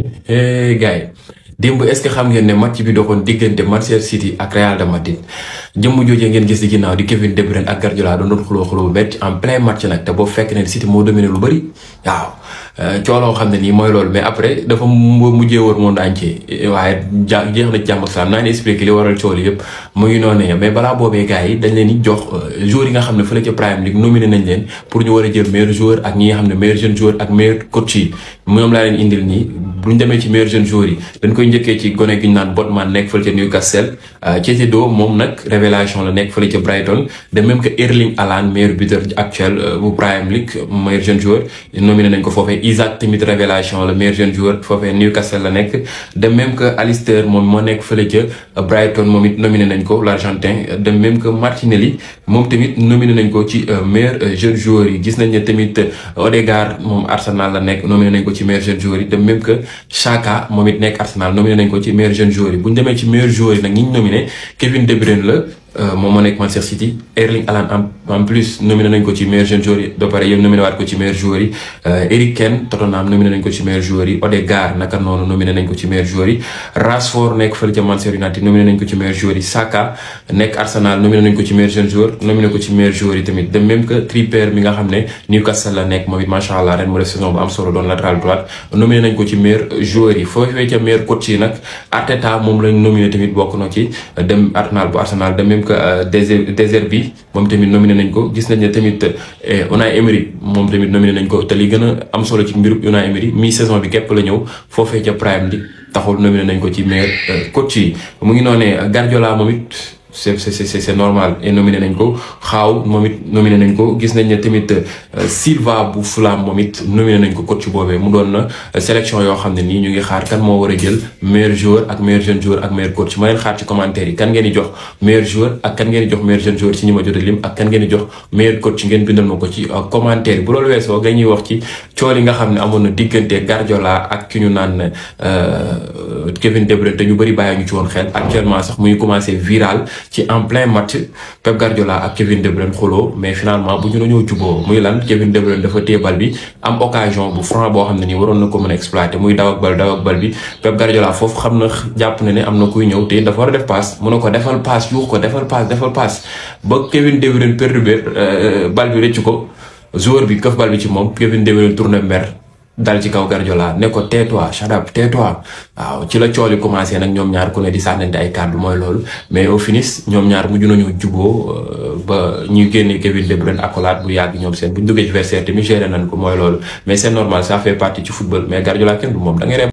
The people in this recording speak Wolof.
eh gars yi démb est-ce que xam ngeen ne ci bi doxoon diggante Manchester City ak Real de Madrid jëmm joojee ngeen gis ci ginnaaw di Kevin De ak Guardiola doon xuloo xuloo bu en plein match nag te boobu fekk ne moo dominé lu bëri euh, nii mooy loolu mais na jàmm ak salaam naa ne expliqué li waral cool balaa boobee gars yi dañ leen jox euh, joueurs nga xam ne fële ca Premier League nominé nañ leen pour ñu war a jël meilleur joueur ak ñi nga xam ne meilleur joueur ak meilleur coach yi ñoom laa leen indil nii bu demee ci meilleur jeune yi dañ koy njëkkee ci gone gi ñu naan Botman nekk fële ca Newcastle euh, Caicedo moom nag révélation la nekk fële ca Brighton de même que Erling Haaland meilleur buteur actuel euh, bu Premier League meilleur jeune joueur nañ ko foofee Isaac tamit révélation la meilleur jeune joueur Newcastle la nekk de même que Alistair moom moo nekk fële ca euh, Brighton moom it nominé nañ ko l'Argentin de même que Martinelli moom tamit nominé nañ ko ci euh, meilleur jeune yi gis nañ ne tamit Odegaard moom Arsenal la nekk nominé nañ ko ci meilleur jeune yi de même que Xhaka moom it nekk Arsenal nominé Euh, moom moo nekk Manchester City Erling Haaland en plus nominé nañ ko ci meilleur jeune joueur pare yéen nominé waat ko ci meilleur joueur yi euh, Eric Kane Tottenham nominé nañ ko ci meilleur joueur yi nekk Arsenal nominé nañ ko ci meilleur jeune joueur nominé ko ci la nekk ci meilleur joueur yi moom lañ nominé tamit bokk na ci dem Arsenal bu Arsenal ko euh, désert désert bi moom tamit nominé nañ ko gis nañ ne tamit euh, Unai Emery moom tamit nominé nañ ko te li gën a am solo ci mbirub Unai Emery mi saison bi képp la ñëw foofee ca prime di taxul nominé nañ ko ci meilleur euh, coach yi mu ngi noonee Guardiola moom it c'est c'est c'est normal et nominé nañ ko xaaw moom it nominé nañ ko gis nañ ne tamit euh, Silva bu Fulham moom it nominé nañ ko coach boobee mu doon na euh, sélection yoo xam ne nii ñu ngi xaar kan moo war a jël meilleur joueur ak meilleur jeune joueur ak meilleur coach ci commentaire yi kan ngeen di jox meilleur joueur ak kan ngeen di jox meilleur jeune ci ñi ma jot a ak kan ngeen di jox meilleur coach ngeen bindal ma ko ci euh, commentaire bu loolu weesoo nga ñuy wax ci. cool yi nga xam ne amoon na diggante Guardiola ak ki ñu naan euh, Kevin De Bruyne te ñu bari bàyyi ñu ci woon xel actuellement sax muy commencé viral ci en plein match Pep Guardiola ak Kevin De Bruyne xuloo mais finalement bu ñu la ñoo juboo muy lan Kevin De Bruyne dafa téebal bi am bu franc boo xam ne nii waroon na ko mën a muy daw ak bal daw bi Pep Guardiola foofu xam na jàpp na ne am na kuy ñëw te dafa war a def passe mun na ko defal passe yuux ko defal passe defal passe ba Kevin De Bruyne perturbé euh, bal bi rëcc ko joueur bi këf bal bi ci moom Kevin De Bruyne dal ci kaw Guardiola ne ko tais-toi waaw ci la cool yi commencé nag ñoom ñaar ku ne di sànnante ay kàddu mooy loolu mais au finish ñoom ñaar mujj nañu juboo euh, ba ñuy génne Kevin De accolade bu yàgg ñoom seen bu ñu duggee ci vestiaire tamit géré nañ ko mooy loolu mais c'est normal ça fait partie ci football mais Guardiola kenn moom da